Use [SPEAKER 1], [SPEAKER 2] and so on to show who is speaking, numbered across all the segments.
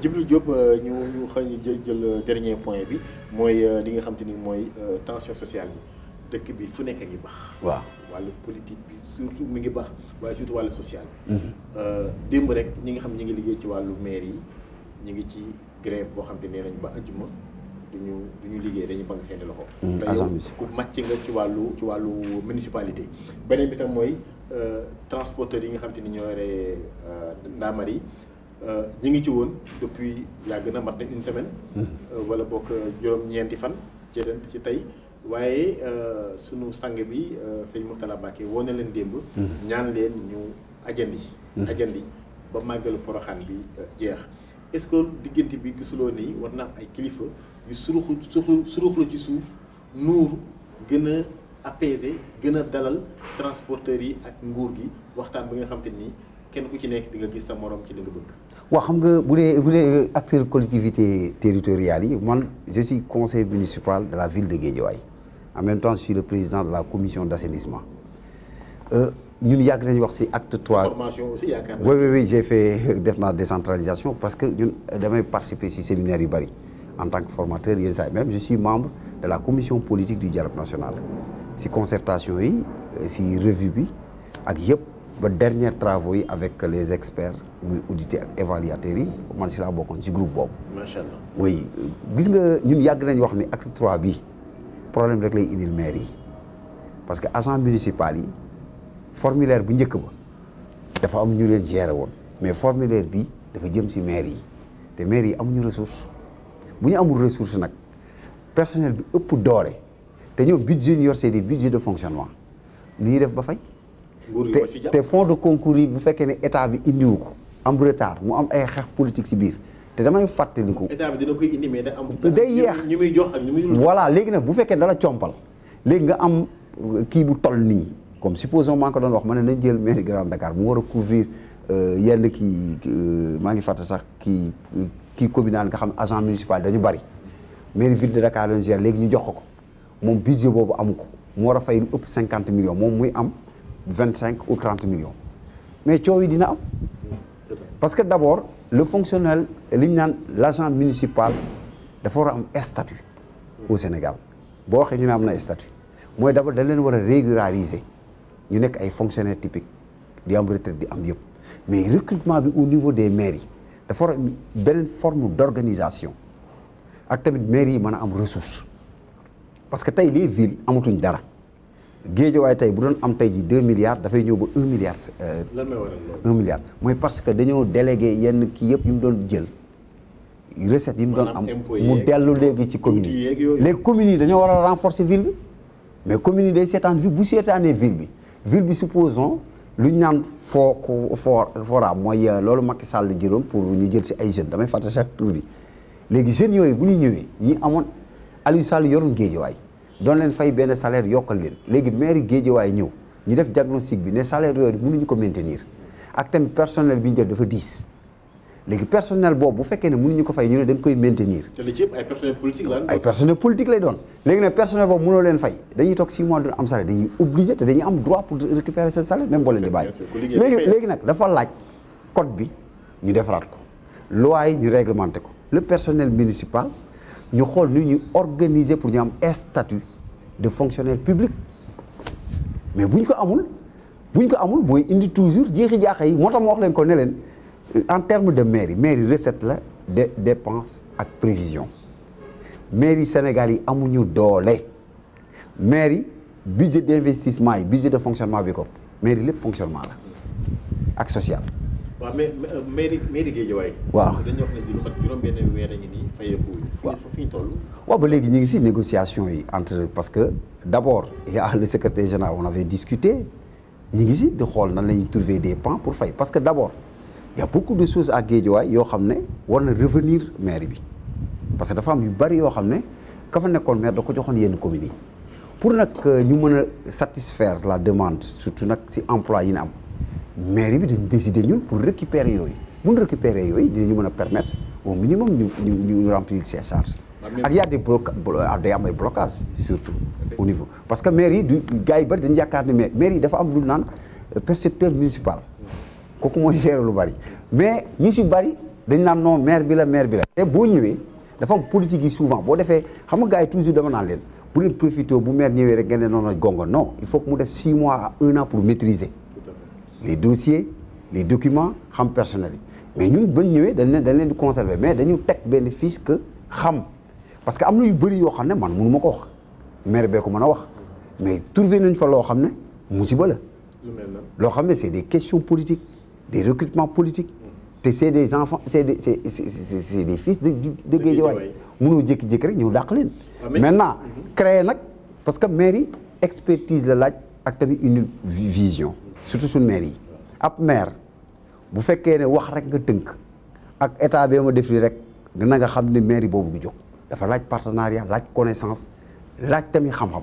[SPEAKER 1] Djibril Diop euh, ñu ñu xëy jël dernier point bi mooy euh, li nga xam te ni mooy euh, tension sociale bi dëkk bi fu nekk ngi baax. waaw wàllu politique bi surtout mu ngi baax waaye surtout wàllu social bi. Mhm. démb rek ñi nga xam ñu ngi liggéey ci wàllu maire yi ñu ngi ci grève boo xam ne nee nañ ba ajjuma du duñu liggéey dañu bank seeni loxo. Mhm, te ku màcc nga ci wàllu ci wàllu municipalité. beneen bi tam mooy transporteurs yi nga xam te ni ñoo yore ndaamar yi. Euh, ñi ngi ci woon depuis yàgg na mat na une semaine. Euh, wala bokk juróom-ñeenti fan ci ren tey waaye euh, sunu sang bi sëñ Mourtala Mbacké woo na leen démb. Mm-hmm. ñaan leen ñu ajandi. Mm-hmm. ajandi ba màggalu poroxaan bi jeex est-ce que diggante bi gisuloo nii war na ay kilifa yu suruxu suruxlu suruxlu ci suuf nuur gën a apaiser gën a dalal transporteurs yi ak nguur gi waxtaan bi nga xam te ni kenn ku ci nekk di nga gis sa moroom ci li nga
[SPEAKER 2] bëgg. waaw xam nga bu dee bu dee acteur collectivité territoriale yi man je suis conseiller municipal de la ville de Guédiawaye en même temps je suis le président de la commission d'assainissement euh, ñun yàgg nañu wax si acte 3 formation aussi yaakaar j'ai fait def naa décentralisation parce que ñun damay participer si séminaire yu bari en tant que formateur yenn saa même je suis membre de la commission politique du dialogue national ci concertation yi si revue bi ak yëpp ba dernier travaux yi avec les experts muy auditeurs ak évaluateurs yi man si laa bokkoon ci groupe boobu. macha allah oui gis nga ñun yàgg nañu wax ni acte trois bi problème rek lay indil maire yi parce que agent municipal yi formulaire bu njëkk ba dafa am ñu leen gérer woon mais formulaire bi dafa jëm si maire yi te maire yi ñu ressource bu ñu amul ressource nag personnel bi ëpp doole te ñoom budget ñu yor seen i budget de fonctionnement ni ñuy def ba fay.
[SPEAKER 1] te te
[SPEAKER 2] fonds de concours bu fekkee ne état bi indiwu ko am retard mu am ay xeex politique si biir te damay fàttaliku. état
[SPEAKER 1] bi dina koy indi mais day yéex ñu muy jox ak
[SPEAKER 2] léegi nag bu fekkee dala compal léegi nga am euh, kii bu toll nii comme supposons maa ko doon wax ma ne nañ jël mairie Grand Dakar mu war a couvrir euh, yenn kii euh, maa ngi fàtte sax kii kii communal nga xam ne agent municipal dañu bari mairie ville de Dakar lañ léegi ñu jox ko ko moom budget boobu amu ko mu war a fay lu ëpp cinquante millions moom muy am. vingt cinq ou trente millions mais coow yi dina am parce que d' abord le fonctionnaire li ñu naan l' agent municipal dafa war a am statut au Sénégal boo waxee ñu ne am na statut mooy d' abord dañ leen war a ñu nekk ay fonctionnaires typiques di am retraite di am yëpp mais recrutement bi au niveau des mairies dafa war a am forme d' organisation ak tamit mairie yi mën a am ressource parce que tey les villes amatuñ dara waay tey bu doon am tey ji deux milliards dafay ñëw ba un milliard. Euh,
[SPEAKER 1] lan mooy waral un
[SPEAKER 2] milliard mooy parce que dañoo délégué yenn kii yëpp yu mu doon jël recette yi mu doon am mu dellu léegi ci communes yi léegi communes yi dañoo war a renforcer ville mais communes yi day seetaan ville bu seetaanee ville bi ville bi supposons lu ñu naan foo for fora mooy euh, loolu Macky Sall jëloon pour ñu jël si ay jeune damay fàttali chaque tur bi léegi jeunes yooyu bu ñu ñëwee ñi amoon Aliou Sall yoroon waay doon leen fay benn salaire yokkal leen léegi maire Guédiawaye ñëw ñu def diagnostic bi ne salaire yooyu mënuñu ko maintenir ak tamit personnel bi ñu jël dafa diis léegi personnel boobu bu fekkee ne mënuñu ko fay ñu ne dañ koy maintenir.
[SPEAKER 1] te li ci yëpp ay personnel politique la ay
[SPEAKER 2] personnel politique leen fay dañuy toog 6 mois du am salaire dañuy obligé te dañuy am droit pour récupérer seen salaire même boo leen di bàyyi. léegi léegi nag dafa laaj code bi ñu defaraat ko loi yi ñu réglementé ko le personnel municipal. ñu xool ni ñu organiser pour ñu am statut de fonctionnaire public mais bu ñu ko amul bu ñu ko amul mooy indi toujours jeexi jaaxa yi moo tax ma wax leen ko ne leen en terme de mairie mairie recette la de dépense ak prévision mairie Sénégal yi amuñu doole mairie budget d'investissement yi budget de fonctionnement bi ko mairie lépp fonctionnement la ak social
[SPEAKER 1] waaw mais euh, mairie mairie Guédiawaye waaw dañuy wax ne lu mat ñu toll
[SPEAKER 2] waaw ba léegi ñu ngi si négociation yi entre parce que d' abord il y a le secrétaire général on avait discuté ñu ngi si di xool nan la ñuy trouver des pans pour fay parce que d' abord il y a ak de choses yoo xam ne war na revenir maire bi parce que dafa am yu bari yoo xam ne kafa nekkoon maire da ko joxoon yenn communes yi pour nag euh, ñu mën a satisfaire la demande surtout nag si emploi yi ñu am mairie bi dañ décider ñun pour récupérer yooyu bu ñu récupérer yooyu dinañu mën a permettre au minimum ñu ñu ñu remplir ak y' a des bloca day am ay blocage surtout au niveau parce que mairie du gars yi bëri dañu yaakaar ne mais mairie dafa am lu naan percepteur municipal kooku mooy gérer lu bari mais ñu si bari dañ naan non maire bi maire bi la te boo ñëwee dafa am politique yi souvent boo defee xam nga gars yi toujours dama naan leen bu leen profité bu maire ñëwee rek ngeen ne noonu gongo non il faut que def 6 mois à 1 pour maîtriser les dossiers les documents xam personnels mais ñun bañ ñëwee dañ leen dañ leen di conserver mais dañu teg benn fiche que xam parce que am na yu bëri yoo xam ne man mënu ma ko wax maire bee ko mën a wax mais trouvé nañ fa loo xam ne musiba la. loo xam ne c' est des questions politiques des recrutements politiques. te c' est des enfants c' est des c' est c' est des fils de de Guédiawaye mënoo jékki-jékki rek ñëw dàq leen. Ah, maintenant mhm. créer nag parce que mairie expertise la laaj ak tamit une vision. surtout suñ maire yi ab maire bu fekkee ne wax rek nga tënk ak état bi ma def li rek dina nga xam ne maire boobu du jóg dafa laaj partenariat laaj connaissance laaj tamit xam-xam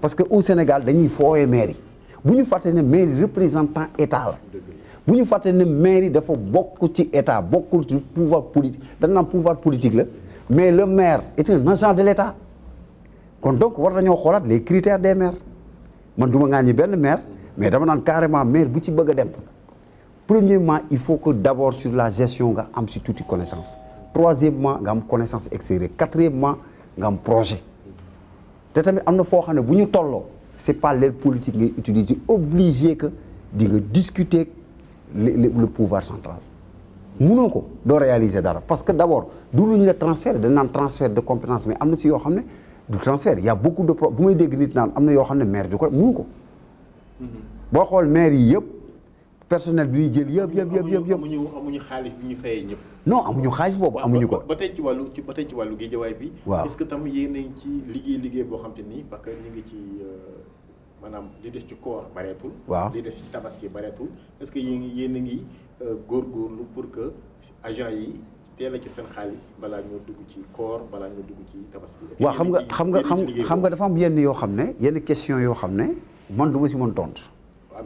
[SPEAKER 2] parce que au Sénégal dañuy fooye maire yi bu ñu fàttee ne maire yi représentant état la bu ñu fàttee ne maire yi dafa bokk ci état bokkul ci pouvoir politique dañ naan pouvoir politique la mais le maire est un agent de l'état kon donc war nañoo xoolaat les critères des maires man du ma benn maire mais dama naan carrément maire bu ci bëgg a dem premièrement il faut que d' abord sur la gestion nga am si tuuti connaissance troisièmement nga am connaissance extérieure quatrièmement nga am projet te tamit am na foo xam ne bu ñu tolloo c' est pas l'aile politique ngay utiliser obligé que di nga discuter le pouvoir central mënoo ko doo réaliser dara parce que d' abord du lu ñu la transfert dañ naan transfert de compétence mais am na si yoo xam ne du transfert y' beaucoup de pro nit naan am na yoo xam ne maire du ko mënu ko
[SPEAKER 1] boo
[SPEAKER 2] xool maire yi yëpp personnel bi ñuy jël yëpp yëpp yëpp yëpp yëpp
[SPEAKER 1] amuñu amuñu xaalis ñu fayee ñëpp
[SPEAKER 2] non amuñu xaalis boobu amuñu ko
[SPEAKER 1] ba tey ci wàllu ba tey ci wàllu géejawaay bi waaw est que tam yéen nañ ci liggéey liggéey boo xam te nii parce que ñu ngi euh, maanaam li des ci koor bareetul waaw li des ci tabaski bareetul est-ce que yéen yéen a ngi euh, góorgóorlu pour que agent yi teel a ci seen xaalis balaa ñoo dugg ci koor balaa ñoo dugg ci tabaski waaw xam nga xam
[SPEAKER 2] nga xam nga dafa am yenn yoo xam ne yenn question yoo xam ne man du ma si mën tontu.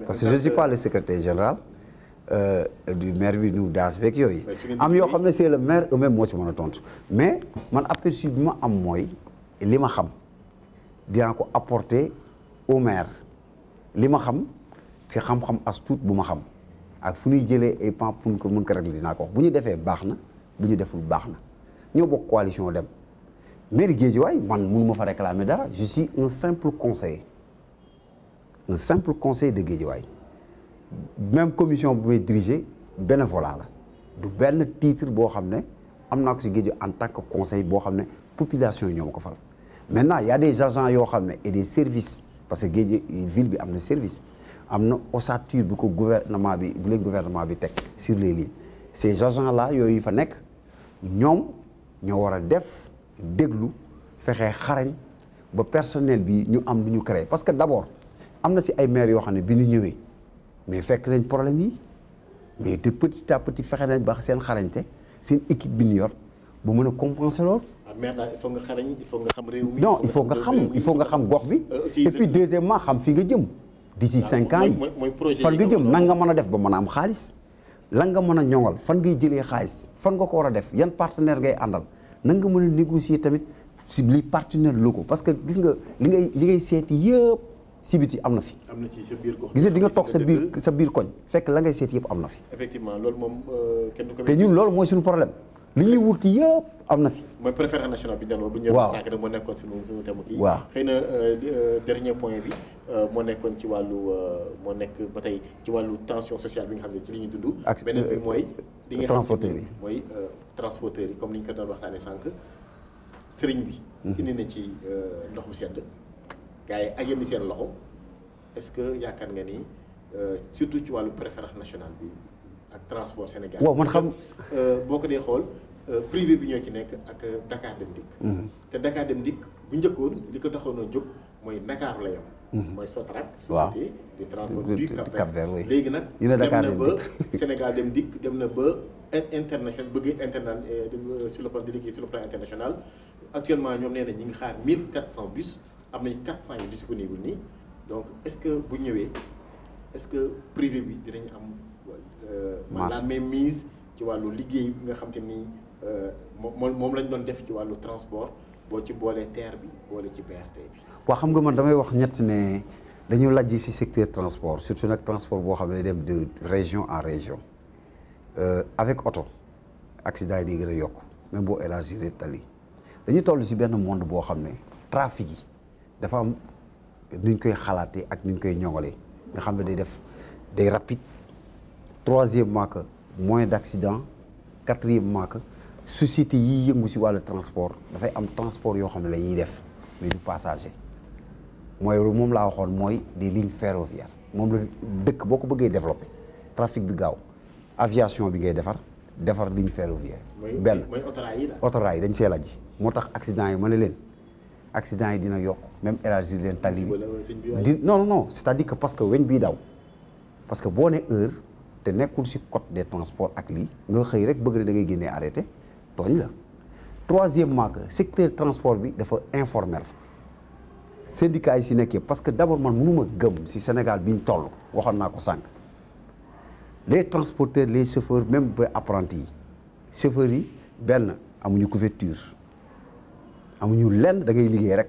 [SPEAKER 1] parce que je ne suis pas
[SPEAKER 2] le secrétaire général euh, du maire bi ñu daas beeg yooyu. am yoo xam ne c'est le maire eux-mêmes moo si mën a tontu. mais man aperçu bi ma am mooy li ma xam dinaa ko apporter au maire li ma xam te xam-xam as bu ma xam ak fu nuy jëlee ay pan pour ko mun ko régler dinaa ko bu ñu defee baax na bu ñu deful baax na ñoo bokk coalition dem maire Guédiawaye man mënu ma fa réclamer dara je suis un simple conseiller. un simple conseil de Guédiawaye même commission bu may diriger bénévolat la du benn titre boo xam ne am na ko si en tant que conseil boo xam ne population yi ñoo ko fal maintenant y a des agents yoo xam ne et des service parce que Guédiawaye ville bi am na service am na ossature bu ko gouvernement bi bu leen gouvernement bi teg sur les lii ces agents la yooyu fa nekk ñoom ñoo war a def déglu fexe xarañ ba personnel bi ñu am lu ñu créé parce que d'abord am na si ay maire yoo xam ne bi ñu ñëwee mais fekk nañ problème yi mais de petit à petit fexe nañ ba seen xarañte seen équipe bi ñu yor bu mën a compenser loolu.
[SPEAKER 1] Ah, maire il faut nga xarañ il xam réew mi. non il nga xam il nga
[SPEAKER 2] xam gox bi. Euh, et puis deuxièmement xam fi nga jëm. di d'ici ah, cinq ans yi fan nga jëm nan nga mën a def ba mën a am xaalis. lan nga mën a ñoŋal fan ngay jëlee xaalis fan nga ko war a def yan partenaire ngay àndal nan nga mën a négocier tamit si li partenaire locaux parce que gis nga li ngay li ngay seeti yëpp. si biti am na fi.
[SPEAKER 1] am na ci sa biir gox gisee
[SPEAKER 2] di nga toog sa biir sa biir koñ fekk la ngay seet yëpp am na fi.
[SPEAKER 1] effectivement loolu moom euh, kenn du te ñun
[SPEAKER 2] loolu mooy suñu problème li ñuy wuti yëpp am na fi.
[SPEAKER 1] mooy préférence nationale bi ñu doon bu ñu. waaw sànq moo nekkoon suñu suñu thème kii. waaw xëy na euh, euh, dernier point bi moo nekkoon ci wàllu moo nekk ba tey ci wàllu tension sociale bi nga xam ne ci li ñuy dund. ak beneen bi mooy. li nga xam ne mooy transporteur yi comme li ñu ko doon waxtaanee sànq sëriñ bi. Mhm. indi na ci ndox bu sedd. gars yi ak yenn seen loxo est-ce que yaakaar nga ni euh, surtout ci wàllu préférence nationale bi ak transport Sénégal. waaw man xam euh, boo ko dee xool euh, privé bi ñoo ci nekk ak Dakar Dem Dikk. Mhm. te Dakar Dem Dikk bu njëkkoon li ko taxoon a jóg mooy Dakar la yem. Mhm. mooy Sotrac. waaw société du transport du Cap Vert léegi nag dem na ba Sénégal Dem Dikk dem na ba. international bëgg international sur le plan délégué sur le plan international actuellement ñoom nee na ñi ngi xaar 1400 bus. am nañ quatre cent yu disponible nii donc est-ce que bu ñëwee est-ce que privé bi dinañ am euh, la mais mise ci wàllu liggéey bi nga xam te ni euh, moom moom lañ doon def ci wàllu transport boo ci boolee TER bi boole ci BRT bi
[SPEAKER 2] waa xam nga man damay wax ñett ne dañu lajj ci secteur transport surtout nag transport boo xam ne dem de région en région euh, avec oto accident yi day gën a yokk même boo élargir tali dañu toll ci benn monde boo xam ne trafic yi dafa am nuñ koy xalaatee ak nuñ koy ñoŋalee nga xam ne day def day rapide troisièmement que moins d'accident quatrièmement que société yiy yëngu si wàll transport dafay am transport yoo xam ne la def mais du passager mooy moom laa waxoon mooy des lignes ferroviaires moom la dëkk boo ko bëggee développé trafic bi gaaw aviation bi ngay defar defar ligne ferroviaire benn mooy autorail yi dañ see laaj moo tax accident yi ma ne leen accident yi dina yokk même élargir leen tali di non non c'est-à-dire que parce que weñ bii daw parce que boo ne heure te nekkul ci code des transports ak lii nga xëy rek bëgg na da ngay génnee arrêté tooñ la troisièmement que secteur transport bi dafa informel syndicat yi ci nekkee parce que d'abord man mënuma gëm ci Sénégal bi ñu toll waxoon naa ko sànq les transporteurs les chauffeurs même ba apprentis yi chauffeurs yi benn amuñu couverture amuñu lenn dangay liggéey rek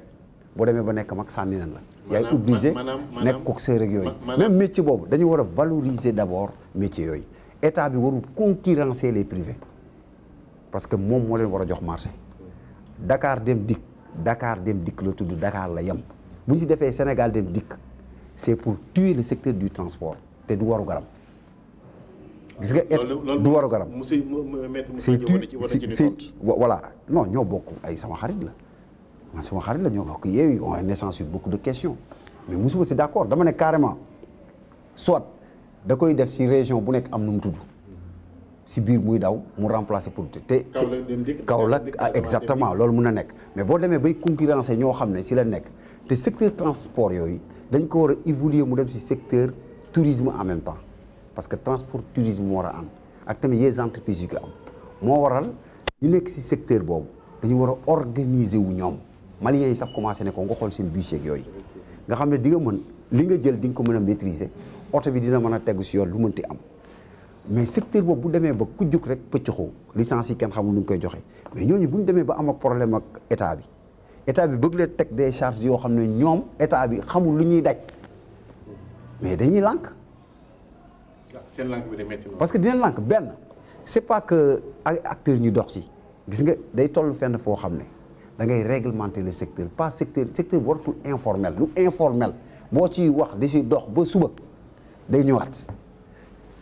[SPEAKER 2] boo demee ba nekk mag sànni nan la. yaay obligé nekk coxeur ak yooyu. même métier boobu dañu war a valoriser d' abord métier yooyu état bi warul concurrencer les privés parce que moom moo leen war a jox marché. dakaar dem dikk dakaar dem dikk la tudd dakaar la yem bu ñu si defee Sénégal dem dikk c' est pour tuer le secteur du transport te du waru garam. gis nga et du waru garam
[SPEAKER 1] c'est c'est
[SPEAKER 2] voilà non ñoo bokk ay sama xarit la man sama xarit la ñoo bokk yeewi on a une échange sur beaucoup de questions mais musuma si d'accord dama ne carrément soit da koy def si région bu nekk am nu mu tudd si biir muy daw mu remplacer pour te Kaolack exactement loolu mun na nekk mais boo demee bay concurrencer ñoo xam ne si la nekk te secteur transport yooyu dañ ko war a évoluer mu dem si secteur tourisme en même temps parce que transport tourisme moo war a am ak tamit yenn entreprises yu ko am moo waral ñu nekk si secteur boobu dañu war a organiser wu ñoom maliens yi sax commencé ne ko nga xool seen bus yeeg yooyu nga xam ne di nga mën li nga jël di nga ko mën a maîtriser oto bi dina mën a tegu si yoon lu mënti am mais secteur boobu bu demee ba ku jug rek pëccxoo licence yi kenn xamul lu ñu koy joxe mais ñooñu bu ñu demee ba am ak problème ak état bi état bi bëgg leen teg des charges yoo xam ne ñoom état bi xamul lu ñuy daj mais
[SPEAKER 1] seen lànk bi de métti parce que
[SPEAKER 2] dina lànk benn c'est pas que ay acteurs ñu dox si gis nga day toll fenn foo xam ne da ngay réglementer le secteur pas secteur secteur waratul informel lu informel boo ciy wax di ci dox ba suba day ñëwaat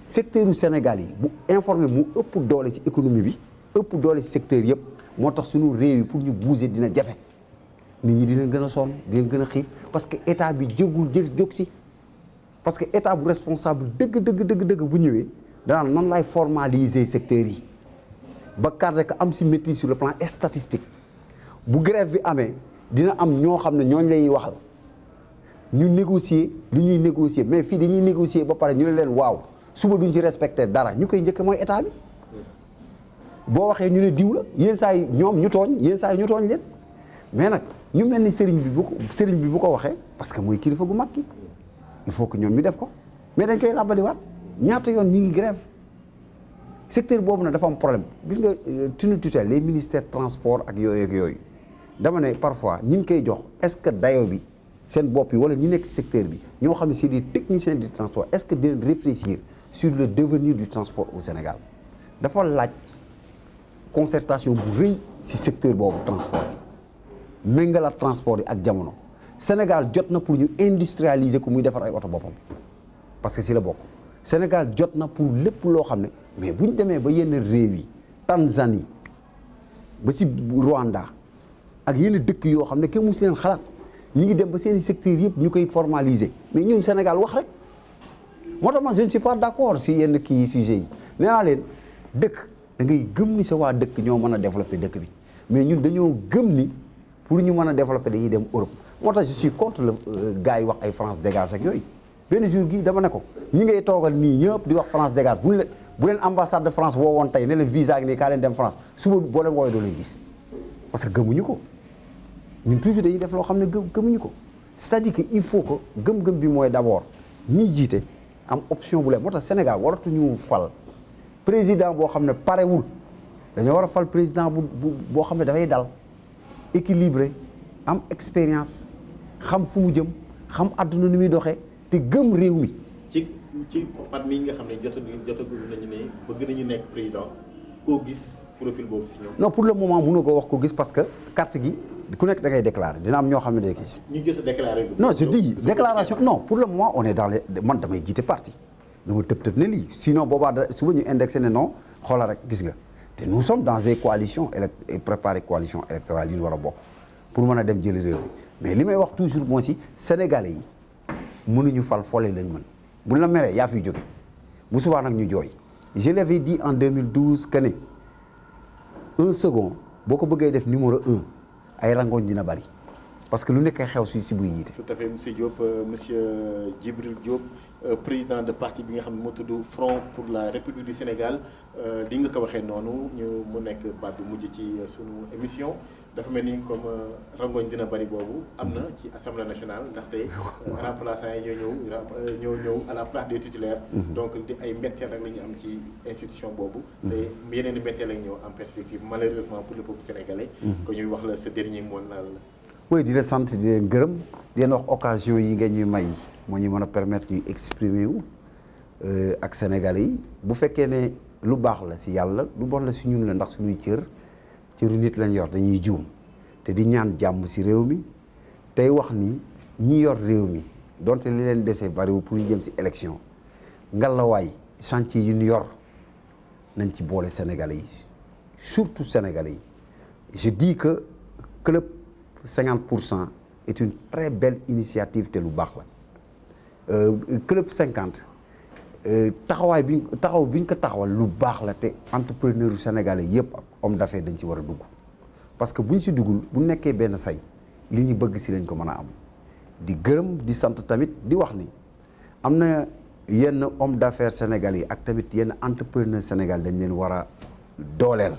[SPEAKER 2] secteur u Sénégal yi bu informel mu ëpp doole ci économie bi ëpp doole ci secteur yëpp moo tax suñu réew yi pour ñu bouger dina jafe nit ñi dina gën a sonn dina gën a xiif parce que état bi jógul jël jóg si parce que état bu responsable dëgg dëgg dëgg bu ñëwee danaan nan laay formaliser secteurs yi ba cadre que am si maîtrise sur le plan statistique bu grève bi amee dina am ñoo xam ne ñooñ lay waxal ñu négocier li ñuy négocier mais fii dañuy négocier ba pare ñu ne leen waaw suba duñ ci respecté dara ñu koy njëkk mooy état bi boo waxee ñu ne diw la yenn saa yi ñoom ñu tooñ yenn saa yi ñu tooñ leen mais nag ñu mel ni sëriñ bi bu ko sëriñ bi bu ko waxee parce que mooy kilifa gu mag ki il faut que ñoom ñu def ko mais dañ koy làbbaliwaat ñaata yoon ñi ngi grève secteur boobu nag dafa am problème gis nga euh, tunu tutelle les ministères transport ak yooyu ak yooyu dama ne parfois ñi ngi koy jox est-ce que dayo bi seen bopp yi wala ñu nekk secteur bi ñoo xam ne c'est des techniciens du transport est-ce que dinañ réfléchir sur le devenir du transport au Sénégal dafa laaj concertation bu rëy si secteur boobu transport méngalaat transport yi ak jamono Sénégal jot na pour ñu industrialiser ko muy defar ay oto boppam parce que si la bokk Sénégal jot na pour lépp loo xam ne mais bu ñu demee ba yenn réew yi Tanzanie ba si Rwanda ak yenn dëkk yoo xam ne kenn mu seen xalaat ñi ngi dem ba seen secteur yëpp ñu koy formaliser mais ñun Sénégal wax rek moo tax man je ne suis pas d'accord si yenn kii sujets yi nee naa leen dëkk da ngay gëm ni waa dëkk ñoo mën a développer dëkk bi mais ñun dañoo gëm ni pour ñu mën a développer dañuy dem Europe moo tax je suis contre le euh, gars yi wax ay France dégage ak yooyu benn jour gii dama ne ko ñi ngay toogal nii ñëpp di wax France dégage bu ñu bu leen ambassade de France woowoon tey ne la visa ak nii kaa leen dem France suba boo leen woowee doo gis parce que gëmuñu ko ñun toujours dañuy def loo xam ne gëmuñu ko c'est-à-dire il faut que gëm-gëm bi mooy d'abord ñiy jiite am option bu leen moo tax Sénégal waratuñu fal président boo xam ne parewul dañoo war a fal président bu boo xam ne dafay dal équilibré am expérience xam fu mu jëm xam àdduna ni muy doxee te gëm réew mi.
[SPEAKER 1] ci ci pat nga xam ne jot jotaguñu nañu ne bëgg nañu nekk président koo gis profil boobu si
[SPEAKER 2] pour le moment mënoo ko wax ko gis parce que carte gi ku nekk da ngay déclarer dina am ñoo xam ne day gis.
[SPEAKER 1] ñi jot a déclarer.
[SPEAKER 2] non pour le moment on est dans les man damay jiite parti dama tëb tëb ne lii sinon boobaa da suba ñu indexé ne non xoolal rek gis nga te nous sommes dans des coalitions élect préparé coalition électorale yi war a bokk. pour mën a dem jëli réew mi mais li may wax toujours moo si sénégalais yi mënuñu fal foole lañ man bu la meree yaa fiy jóge bu subaa nag ñu jooy je l'avais en 2012 que ne un second boo ko bëggee def numéro un ay rangooñ dina bari parce que lu nekk xew si si buy jiite. tout
[SPEAKER 1] à fait monsieur euh, euh, président de partie bi nga xam ne moo tudd Front pour la République du Sénégal euh, li nga ko waxee noonu ñu mu nekk baat bi mujj ci sunu émission dafa mel ni comme rangoñ dina bari boobu am na ci assemblée nationale ndaxte remplaçants yi ñoo ñëw ñoo ñëw à la place des titulaires. Mm-hmm. donc di ay mbetteel rek la ñu am ci institution boobu. Mm-hmm. te yeneen i mbetteel ak perspective malheureusement pour le peuple sénégalais. ko mm-hmm. ñuy wax la sa dernier mot la.
[SPEAKER 2] mooy dina leen sant di leen gërëm di leen wax occasion yi ngeen ñuy may moo ñu mën a permettre ñuy exprimer wu euh, ak Sénégalais yi bu fekkee ne lu baax la si yàlla lu bon la si ñun la ndax suñuy cër cëru nit lañ yor dañuy juum te di ñaan jàmm si réew mi tey wax ni ñi yor réew mi donte li leen dese bariwul pour ñu jëm si élection ngalawaay chantier yu ñu yor nañ ci boole Sénégalais yi surtout Sénégalais yi je dis que club cinquante pour cent est une très belle initiative te lu baax la euh, club cinquante euh, taxawaay bi taxaw bi ñu ko taxawal lu baax la te entrepreneur yu sénégalais yëpp homme d'affaires dañ ci war a dugg parce que bu ñu si duggul bu nekkee benn say li ñu bëgg si lañ ko mën a am di gërëm di sant tamit di wax ni am na yenn homme d'affaires sénégalais yi ak tamit yenn entrepreneur sénégal dañ leen war a dooleel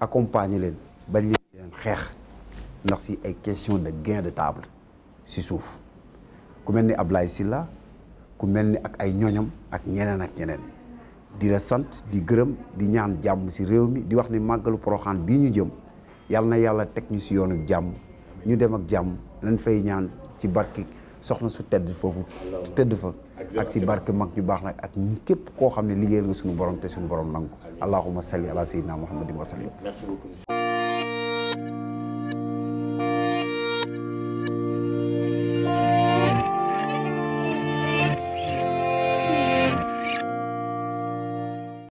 [SPEAKER 2] accompagner leen bañ leen xeex ndax si ay question de gain de table si suuf ku mel ni Ablaye Sylla ku mel ni ak ay ñoñam ak ñeneen ak ñeneen di la sant di gërëm di ñaan jàmm si réew mi di wax ni màggalu Poroxaan bii ñu jëm yàlla na yàlla teg ñu si yoonu jàmm ñu dem ak jàmm lañ fay ñaan ci barki soxna su tedd foofu tëdd fa ak ci barke mag ñu baax nag ak képp koo xam ne liggéeyal nga suñu borom te suñu borom nangu allahumma salli ala sayyidina muhammadin wa sallim